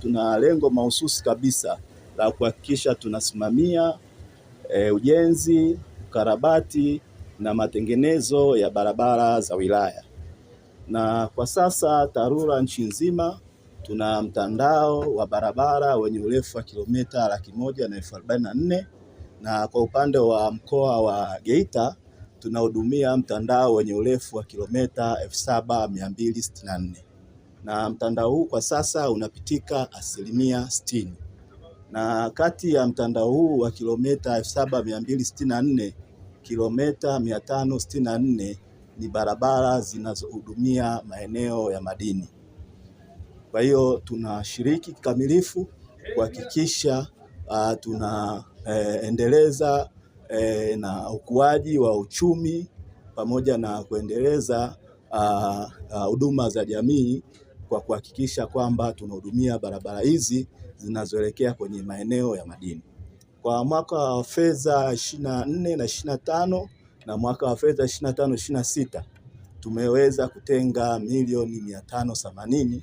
Tuna lengo mahususi kabisa la kuhakikisha tunasimamia e, ujenzi, ukarabati na matengenezo ya barabara za wilaya. Na kwa sasa TARURA nchi nzima tuna mtandao wa barabara wenye urefu wa kilomita laki moja na elfu arobaini na nne na kwa upande wa mkoa wa Geita tunahudumia mtandao wenye urefu wa kilomita elfu saba mia mbili sitini na nne na mtandao huu kwa sasa unapitika asilimia sitini na kati ya mtandao huu wa kilomita 7264 kilomita 564 ni barabara zinazohudumia maeneo ya madini. Kwa hiyo tunashiriki kikamilifu kuhakikisha uh, tunaendeleza e, uh, e, uh, na ukuaji wa uchumi pamoja na kuendeleza huduma uh, uh, za jamii kwa kuhakikisha kwamba tunahudumia barabara hizi zinazoelekea kwenye maeneo ya madini. Kwa mwaka wa fedha 24 na 25 na mwaka wa fedha 25 26 tumeweza kutenga milioni 580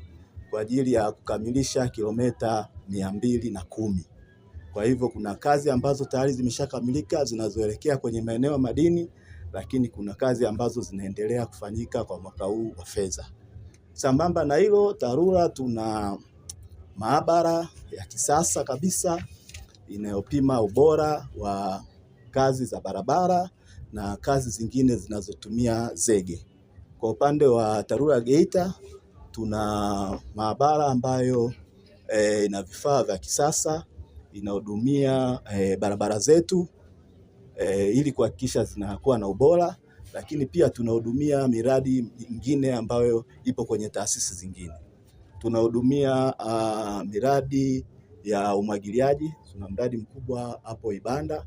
kwa ajili ya kukamilisha kilomita mia mbili na kumi. Kwa hivyo kuna kazi ambazo tayari zimeshakamilika zinazoelekea kwenye maeneo ya madini, lakini kuna kazi ambazo zinaendelea kufanyika kwa mwaka huu wa fedha. Sambamba na hilo, TARURA tuna maabara ya kisasa kabisa inayopima ubora wa kazi za barabara na kazi zingine zinazotumia zege. Kwa upande wa TARURA Geita tuna maabara ambayo e, ina vifaa vya kisasa inahudumia e, barabara zetu e, ili kuhakikisha zinakuwa na ubora lakini pia tunahudumia miradi mingine ambayo ipo kwenye taasisi zingine. Tunahudumia uh, miradi ya umwagiliaji. Tuna mradi mkubwa hapo Ibanda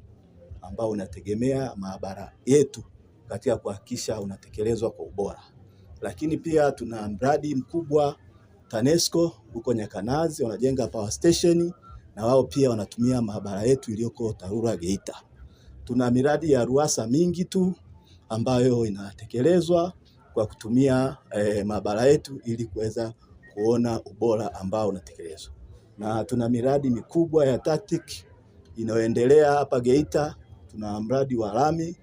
ambao unategemea maabara yetu katika kuhakikisha unatekelezwa kwa ubora, lakini pia tuna mradi mkubwa TANESCO huko Nyakanazi wanajenga power station na wao pia wanatumia maabara yetu iliyoko Tarura Geita. Tuna miradi ya RUWASA mingi tu ambayo inatekelezwa kwa kutumia e, maabara yetu ili kuweza kuona ubora ambao unatekelezwa, na tuna miradi mikubwa ya TACTIC inayoendelea hapa Geita. Tuna mradi wa lami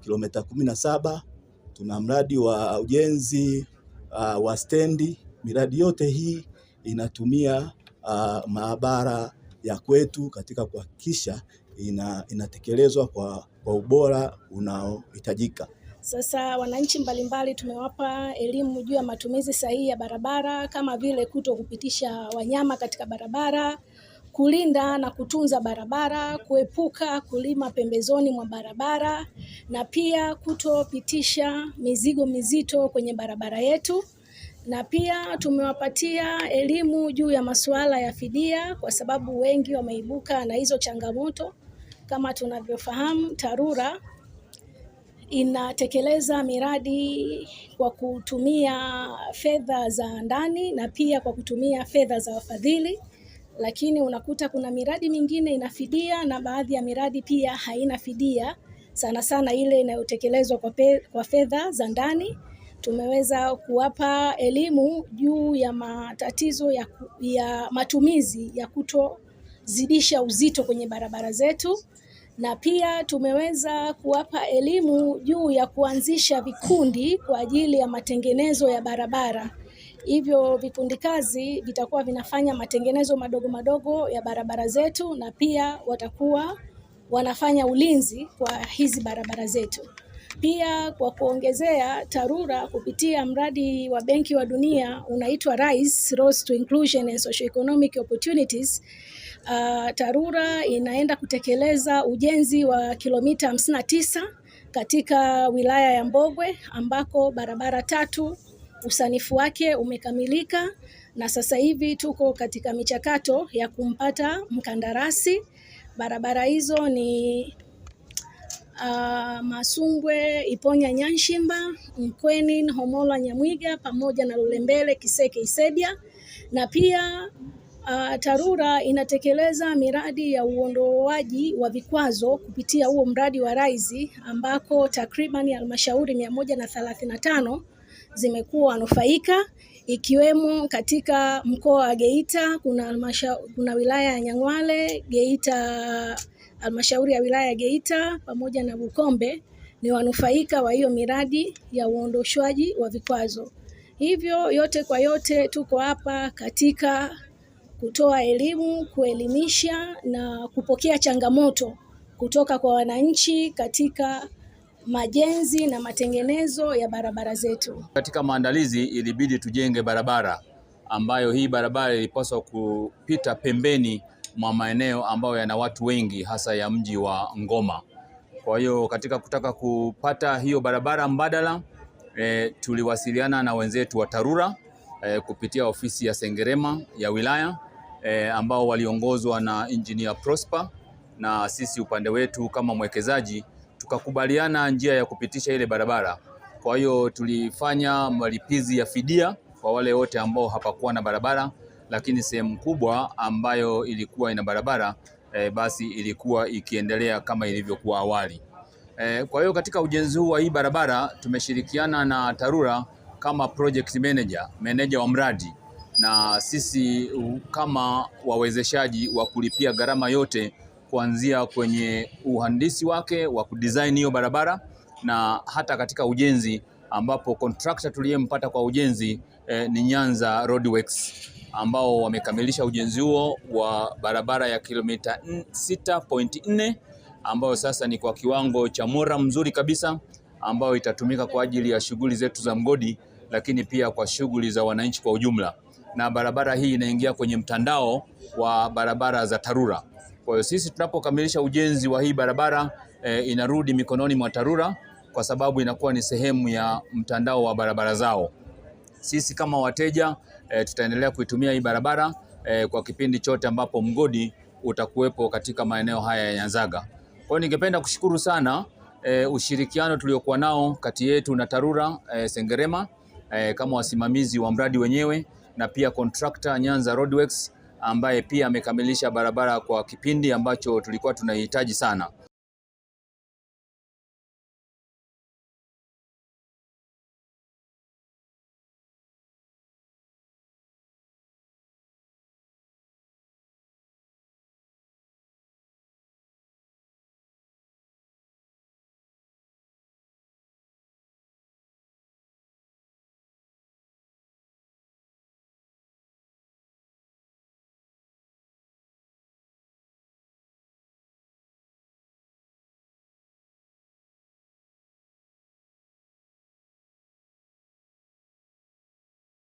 kilomita kumi na saba, tuna mradi wa ujenzi uh, wa stendi. Miradi yote hii inatumia uh, maabara ya kwetu katika kuhakikisha ina, inatekelezwa kwa, kwa ubora unaohitajika. Sasa wananchi mbalimbali tumewapa elimu juu ya matumizi sahihi ya barabara kama vile kuto kupitisha wanyama katika barabara, kulinda na kutunza barabara, kuepuka kulima pembezoni mwa barabara na pia kutopitisha mizigo mizito kwenye barabara yetu. Na pia tumewapatia elimu juu ya masuala ya fidia kwa sababu wengi wameibuka na hizo changamoto kama tunavyofahamu, TARURA inatekeleza miradi kwa kutumia fedha za ndani na pia kwa kutumia fedha za wafadhili, lakini unakuta kuna miradi mingine inafidia na baadhi ya miradi pia haina fidia, sana sana ile inayotekelezwa kwa, kwa fedha za ndani. Tumeweza kuwapa elimu juu ya matatizo ya, ya matumizi ya kuto kuzidisha uzito kwenye barabara zetu, na pia tumeweza kuwapa elimu juu ya kuanzisha vikundi kwa ajili ya matengenezo ya barabara. Hivyo vikundi kazi vitakuwa vinafanya matengenezo madogo madogo ya barabara zetu, na pia watakuwa wanafanya ulinzi kwa hizi barabara zetu. Pia kwa kuongezea, TARURA kupitia mradi wa Benki wa Dunia unaitwa RISE, Roads to Inclusion and Socioeconomic Opportunities Uh, TARURA inaenda kutekeleza ujenzi wa kilomita hamsini tisa katika wilaya ya Mbogwe ambako barabara tatu usanifu wake umekamilika na sasa hivi tuko katika michakato ya kumpata mkandarasi. Barabara hizo ni uh, Masungwe Iponya Nyanshimba, Mkwenin Homola Nyamwiga pamoja na Lulembele Kiseke Isedia na pia Uh, TARURA inatekeleza miradi ya uondoaji wa vikwazo kupitia huo mradi wa Rise ambako takriban halmashauri mia moja na thelathini na tano zimekuwa wanufaika ikiwemo katika mkoa wa Geita kuna, kuna wilaya ya Nyang'wale, Geita halmashauri ya wilaya ya Geita pamoja na Bukombe ni wanufaika wa hiyo miradi ya uondoshwaji wa vikwazo. Hivyo yote kwa yote tuko hapa katika kutoa elimu, kuelimisha na kupokea changamoto kutoka kwa wananchi katika majenzi na matengenezo ya barabara zetu. Katika maandalizi ilibidi tujenge barabara ambayo hii barabara ilipaswa kupita pembeni mwa maeneo ambayo yana watu wengi hasa ya mji wa Ngoma. Kwa hiyo katika kutaka kupata hiyo barabara mbadala e, tuliwasiliana na wenzetu wa TARURA e, kupitia ofisi ya Sengerema ya wilaya e, ambao waliongozwa na Engineer Prosper, na sisi upande wetu kama mwekezaji tukakubaliana njia ya kupitisha ile barabara. Kwa hiyo tulifanya malipizi ya fidia kwa wale wote ambao hapakuwa na barabara, lakini sehemu kubwa ambayo ilikuwa ina barabara e, basi ilikuwa ikiendelea kama ilivyokuwa awali. E, kwa hiyo katika ujenzi huu wa hii barabara tumeshirikiana na TARURA kama project manager, manager wa mradi na sisi kama wawezeshaji wa kulipia gharama yote kuanzia kwenye uhandisi wake wa kudesign hiyo barabara na hata katika ujenzi ambapo contractor tuliyempata kwa ujenzi eh, ni Nyanza Roadworks ambao wamekamilisha ujenzi huo wa barabara ya kilomita 6.4 ambayo sasa ni kwa kiwango cha mora mzuri kabisa, ambayo itatumika kwa ajili ya shughuli zetu za mgodi, lakini pia kwa shughuli za wananchi kwa ujumla na barabara hii inaingia kwenye mtandao wa barabara za TARURA. Kwa hiyo sisi tunapokamilisha ujenzi wa hii barabara e, inarudi mikononi mwa TARURA kwa sababu inakuwa ni sehemu ya mtandao wa barabara zao. Sisi kama wateja e, tutaendelea kuitumia hii barabara e, kwa kipindi chote ambapo mgodi utakuwepo katika maeneo haya ya Nyanzaga. Kwa hiyo ningependa kushukuru sana e, ushirikiano tuliokuwa nao kati yetu na TARURA e, Sengerema e, kama wasimamizi wa mradi wenyewe na pia kontrakta Nyanza Roadworks ambaye pia amekamilisha barabara kwa kipindi ambacho tulikuwa tunahitaji sana.